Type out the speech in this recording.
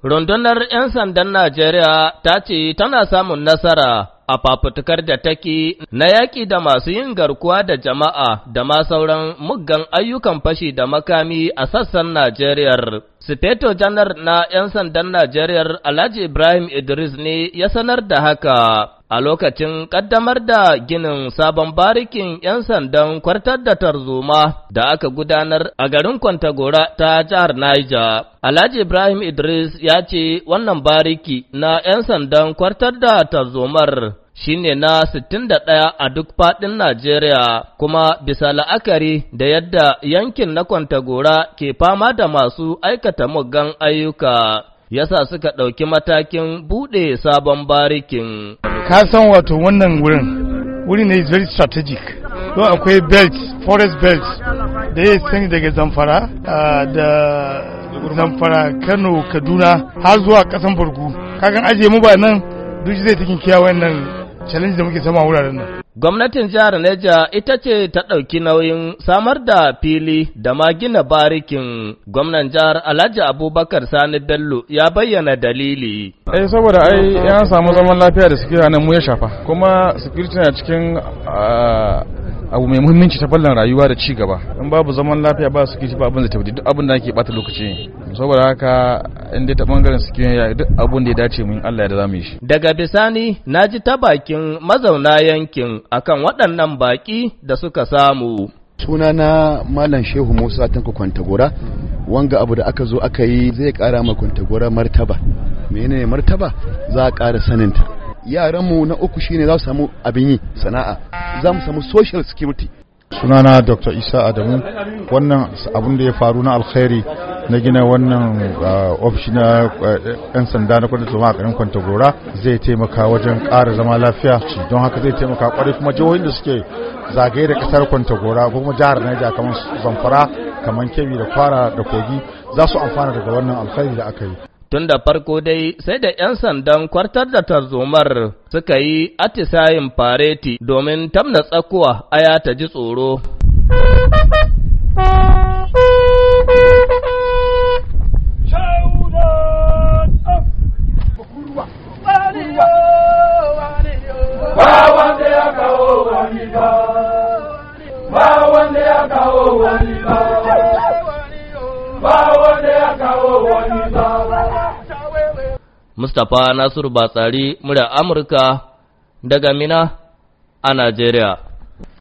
Rundunar ‘yan sandan Najeriya ta ce tana samun nasara a fafutukar da take na yaƙi da masu yin garkuwa da jama'a da ma sauran muggan ayyukan fashi da makami a sassan Najeriya. Sufeto janar na ‘yan sandan Najeriya Alhaji Ibrahim Idris ne ya sanar da haka. A lokacin ƙaddamar da ginin sabon barikin 'yan sandan kwartar da tarzoma da aka gudanar a garin Kwantagora ta jihar Niger, Alhaji Ibrahim Idris ya ce wannan bariki na 'yan sandan kwartar da tarzomar shi ne na 61 a duk faɗin Najeriya kuma bisa la'akari da yadda yankin na Kwantagora ke fama da masu aikata muggan ayyuka yasa suka ɗauki matakin buɗe sabon barikin. Ka san wato wannan wurin, wuri ne is very strategic. Don akwai belt, forest belt, da ya sani daga zamfara, ah, da zamfara, Kano, Kaduna, har zuwa ƙasan Bargu. Kagan ajiye mu ba nan, duk zai takin kiyawa wannan challenge da muke sama wuraren nan. Gwamnatin jihar Neja ita ce ta ɗauki nauyin samar da fili da ma gina barikin gwamnan jihar Alhaji Abubakar Sani Bello ya bayyana dalili. Eh saboda ai yan samu zaman lafiya da suke nan mu ya shafa kuma security na cikin ah, abu mai muhimmanci ta rayuwa da ci gaba in babu zaman lafiya ba security ba abin da tafi duk abin da ake bata lokaci saboda haka in ta bangaren su kiwon yaya duk abun da ya dace mun Allah ya da shi daga bisani na ji ta bakin mazauna yankin akan waɗannan baki da suka samu sunana malam shehu musa tanko kwantagora wanga abu da aka zo aka yi zai kara ma kwantagora martaba menene martaba za a kara saninta yaranmu na uku shine za su samu abin yi sana'a za mu samu social security sunana dr isa adamu wannan abun da ya faru na alkhairi na gina wannan ofishi na 'yan sanda na kudin zama a garin gora zai taimaka wajen ƙara zama lafiya don haka zai taimaka kwarai kuma jihohin da suke zagaye da ƙasar gora ko kuma jihar naija kamar zamfara kamar kebbi da kwara da kogi za su amfana daga wannan alkhairi da aka yi tun da farko dai sai da 'yan sandan kwartar da tarzomar suka yi atisayin fareti domin tamna tsakuwa aya ta ji tsoro ba ba wanda ya kawo wani ba ba wanda ya kawo wani ba Mustapha Nasiru Batsari murya Amurka daga Mina a Najeriya